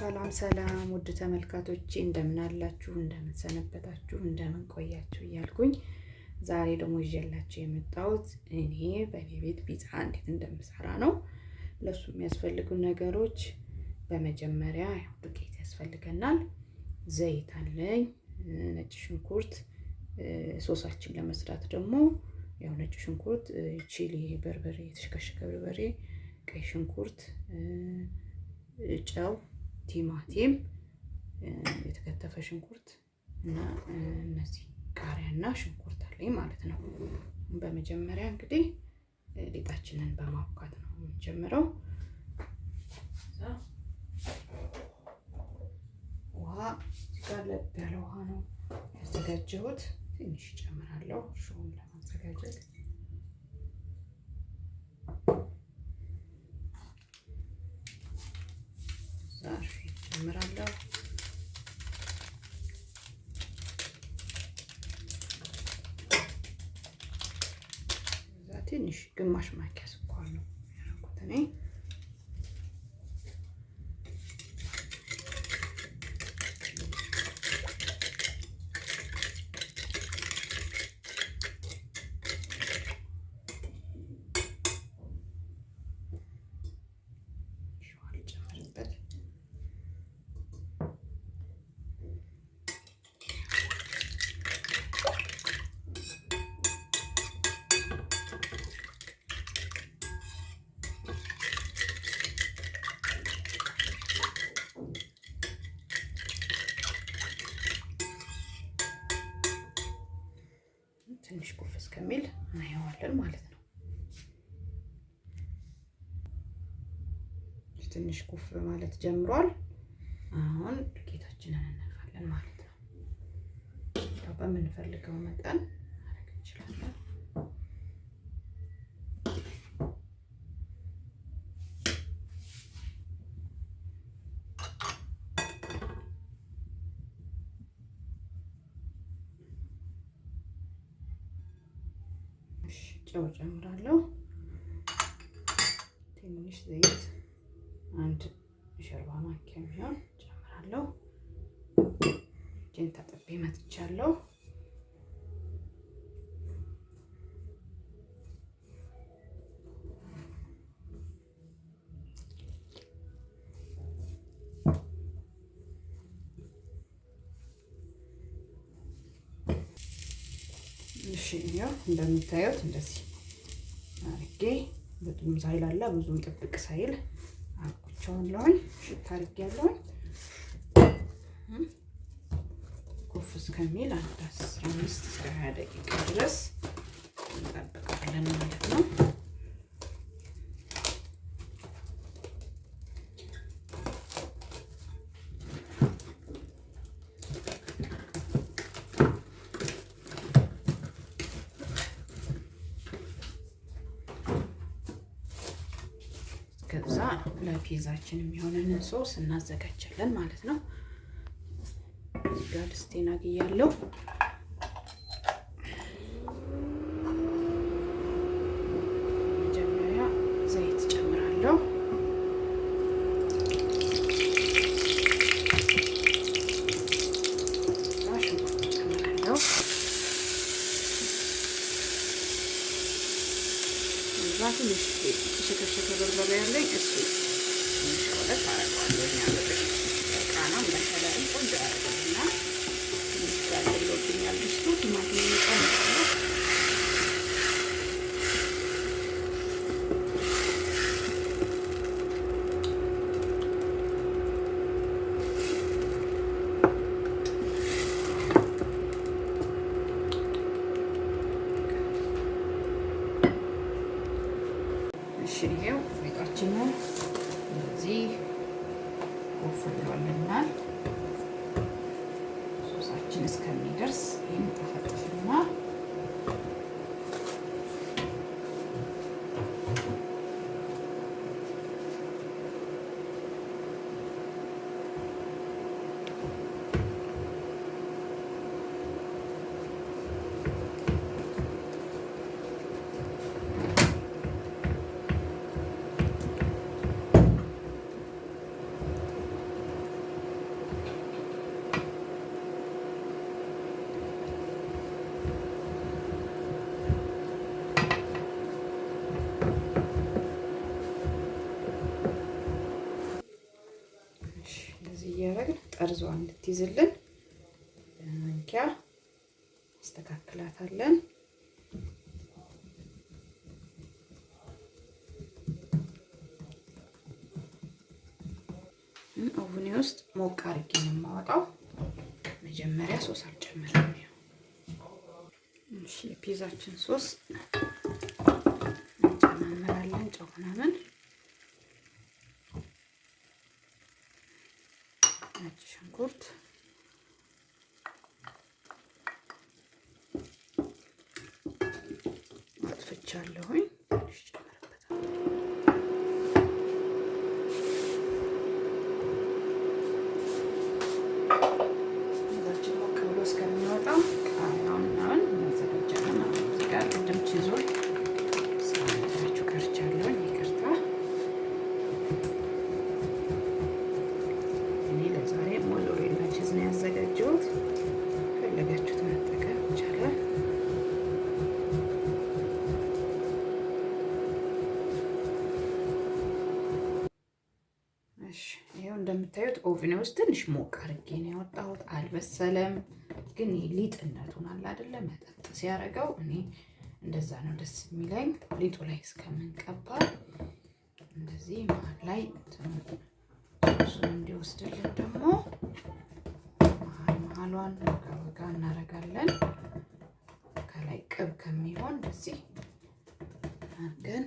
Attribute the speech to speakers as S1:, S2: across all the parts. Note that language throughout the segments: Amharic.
S1: ሰላም ሰላም ውድ ተመልካቶች እንደምን አላችሁ? እንደምን ሰነበታችሁ? እንደምን ቆያችሁ እያልኩኝ ዛሬ ደግሞ ይዤላችሁ የመጣሁት እኔ በእኔ ቤት ፒዛ እንዴት እንደምሰራ ነው። ለሱ የሚያስፈልጉ ነገሮች በመጀመሪያ ዱቄት ያስፈልገናል። ዘይት አለኝ፣ ነጭ ሽንኩርት። ሶሳችን ለመስራት ደግሞ ያው ነጭ ሽንኩርት፣ ቺሊ፣ በርበሬ፣ የተሽከሸከ በርበሬ፣ ቀይ ሽንኩርት፣ ጨው ቲማቲም፣ የተከተፈ ሽንኩርት እና እነዚህ እና ሽንኩርት አለኝ ማለት ነው። በመጀመሪያ እንግዲህ ሊጣችንን በማቡካት ነው የምንጀምረው። ውሃ እዚህ ጋር ለብ ያለ ውሃ ነው ያዘጋጀሁት። ትንሽ ይጨምራለሁ ሹን ለማዘጋጀት ዛሬ ጨምራለሁ። ትንሽ ግማሽ ማንኪያ ስኳር ነው ያደረኩት እኔ እንችላለን ማለት ነው። ትንሽ ኩፍ ማለት ጀምሯል። አሁን ዱቄታችንን እንነፋለን ማለት ነው። በምንፈልገው መጠን ማድረግ እንችላለን። ትንሽ ጨው ጨምራለሁ። ትንሽ ዘይት አንድ ሾርባ ማንኪያ የሚሆን ጨምራለሁ። እጄን ታጥቤ መጥቻለሁ። ያው እንደምታዩት እንደዚህ አርጌ በጥም ሳይል አላ ብዙም ጥብቅ ሳይል አርኩቸውን ለሆን ሽታ አርጌ ያለውን ኩፍ እስከሚል አንድ አስራ አምስት እስከ ሀያ ደቂቃ ድረስ እንጠብቃለን ማለት ነው። ከዛ ለፒዛችን የሚሆነንን ሶስ እናዘጋጃለን ማለት ነው። ጋር አግያለሁ። እሺ ይሄው ሊጣችንን እዚህ ወፍ ሶሳችን እስከሚደርስ ይህን ጠፈጥፍና ጠርዟ እንድትይዝልን በማንኪያ አስተካክላታለን። ኦቭኔ ውስጥ ሞቅ አድርጌ ነው የማወጣው። መጀመሪያ ሶስ አልጨመርም። እሺ የፒዛችን ሶስ ነጭ ሽንኩርት አጥፍቻለሁኝ። ሞቅ ብሎ እስከሚወጣ ቃሪያውን ምናምን እናዘጋጃለን። እዚህ ጋር ቅድም ቺዙን እንደምታዩት ኦቭን ውስጥ ትንሽ ሞቅ አድርጌ ነው ያወጣሁት። አልበሰለም፣ ግን ሊጥነቱን አለ አይደለ መጠጥ ሲያደርገው እኔ እንደዛ ነው ደስ የሚለኝ። ሊጡ ላይ እስከምንቀባ እንደዚህ መሀል ላይ እሱን እንዲወስድልን ደግሞ መሀል መሀሏን ወጋ ወጋ እናደርጋለን። ከላይ ቅብ ከሚሆን እንደዚህ አድርገን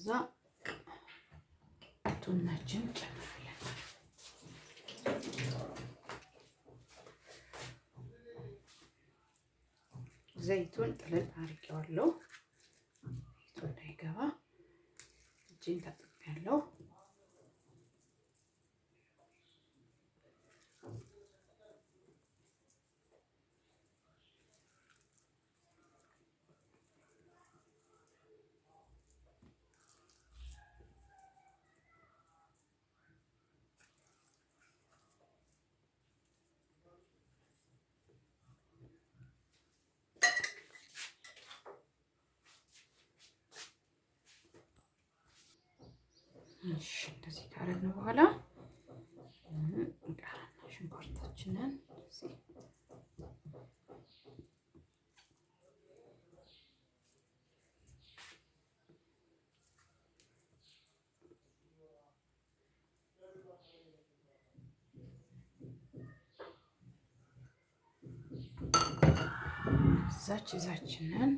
S1: ከዛ ቱናችን ጨምራለን። ዘይቱን ጥልል አርቄዋለሁ። ዘይቱ እንዳይገባ እጄን ታጥቤያለሁ። እሺ እንደዚህ ካረግን በኋላ ቃሪያና ሽንኩርታችንን እዛች እዛችንን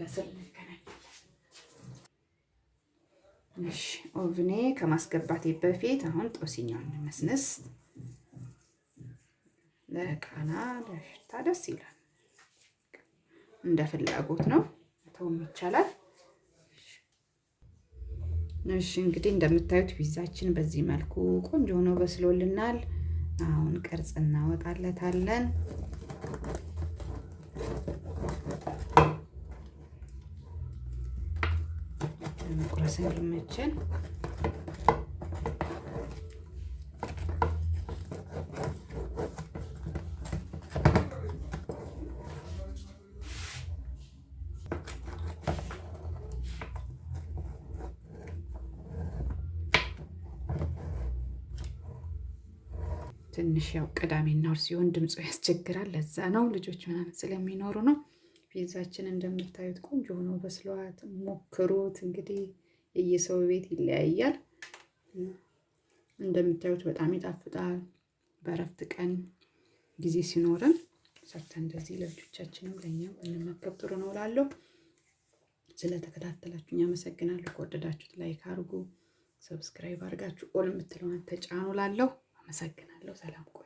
S1: ሲበስል እንገናኛለን። እሺ ኦቭኔ ከማስገባቴ በፊት አሁን ጦስኛውን መስነስ ለቃና ለሽታ ደስ ይላል። እንደ ፍላጎት ነው፣ ተውም ይቻላል። እሺ እንግዲህ እንደምታዩት ፒዛችን በዚህ መልኩ ቆንጆ ሆኖ በስሎልናል። አሁን ቅርጽ እናወጣለታለን። ስለሚችል ትንሽ ያው ቅዳሜና እሑድ ሲሆን ድምፁ ያስቸግራል። ለዛ ነው ልጆች ምናምን ስለሚኖሩ ነው። ፒዛችን እንደምታዩት ቆንጆ ሆኖ በስለዋት። ሞክሩት እንግዲህ እየሰው ቤት ይለያያል። እንደምታዩት በጣም ይጣፍጣል። በእረፍት ቀን ጊዜ ሲኖረን ሰርተን እንደዚህ ለልጆቻችንም ለእኛም እንመገብ ጥሩ ነው እላለሁ። ስለተከታተላችሁኝ አመሰግናለሁ። ከወደዳችሁት ላይክ አርጉ፣ ሰብስክራይብ አድርጋችሁ ኦል የምትለውን ተጫኑ እላለሁ። አመሰግናለሁ። ሰላም